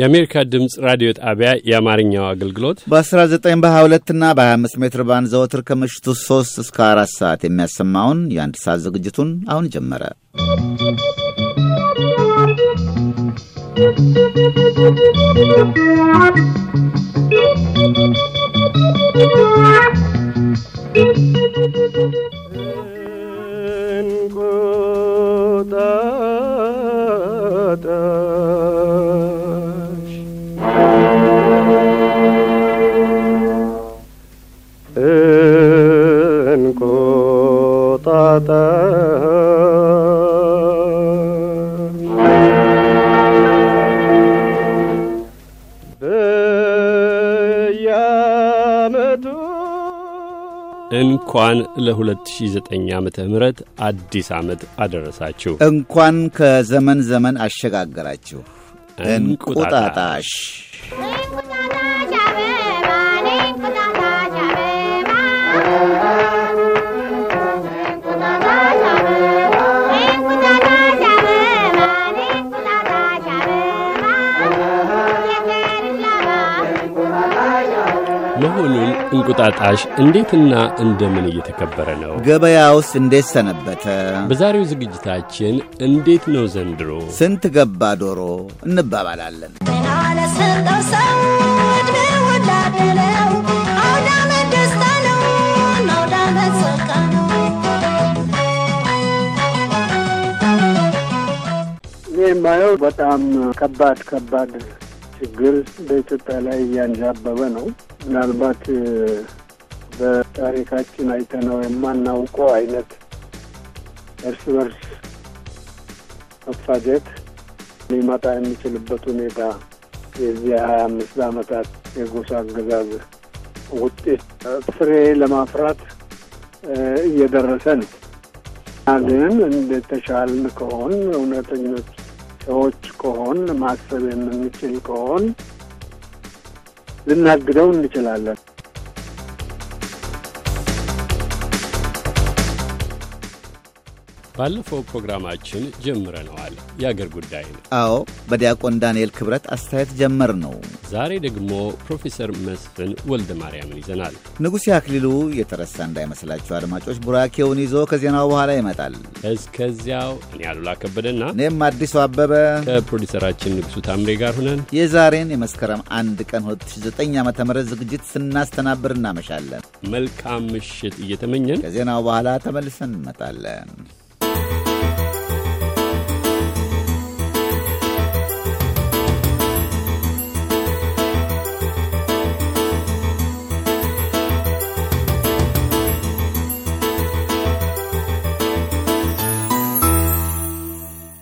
የአሜሪካ ድምፅ ራዲዮ ጣቢያ የአማርኛው አገልግሎት በ19 በ22 እና በ25 ሜትር ባንድ ዘወትር ከምሽቱ 3 እስከ 4 ሰዓት የሚያሰማውን የአንድ ሰዓት ዝግጅቱን አሁን ጀመረ። دادش انقطع እንኳን ለ2009 ዓ ም አዲስ ዓመት አደረሳችሁ። እንኳን ከዘመን ዘመን አሸጋገራችሁ። እንቁጣጣሽ መሆኑን እንቁጣጣሽ እንዴትና እንደምን እየተከበረ ነው? ገበያ ውስጥ እንዴት ሰነበተ? በዛሬው ዝግጅታችን እንዴት ነው ዘንድሮ ስንት ገባ ዶሮ እንባባላለን። የማየው በጣም ከባድ ከባድ ችግር በኢትዮጵያ ላይ እያንዣበበ ነው። ምናልባት በታሪካችን አይተነው የማናውቀው አይነት እርስ በርስ መፋጀት ሊመጣ የሚችልበት ሁኔታ የዚህ ሀያ አምስት ዓመታት የጎሳ አገዛዝ ውጤት ፍሬ ለማፍራት እየደረሰ ነው። ግን እንደተሻልን ከሆን እውነተኞች ሰዎች ከሆን ማሰብ የምንችል ከሆን ልናግደው እንችላለን። ባለፈው ፕሮግራማችን ጀምረነዋል። የአገር ጉዳይ ነው። አዎ፣ በዲያቆን ዳንኤል ክብረት አስተያየት ጀመር ነው። ዛሬ ደግሞ ፕሮፌሰር መስፍን ወልደ ማርያምን ይዘናል። ንጉሴ አክሊሉ የተረሳ እንዳይመስላችሁ አድማጮች፣ ቡራኬውን ይዞ ከዜናው በኋላ ይመጣል። እስከዚያው እኔ አሉላ ከበደና እኔም አዲሱ አበበ ከፕሮዲሰራችን ንጉሱ ታምሬ ጋር ሁነን የዛሬን የመስከረም አንድ ቀን 2009 ዓ ም ዝግጅት ስናስተናብር እናመሻለን። መልካም ምሽት እየተመኘን ከዜናው በኋላ ተመልሰን እንመጣለን።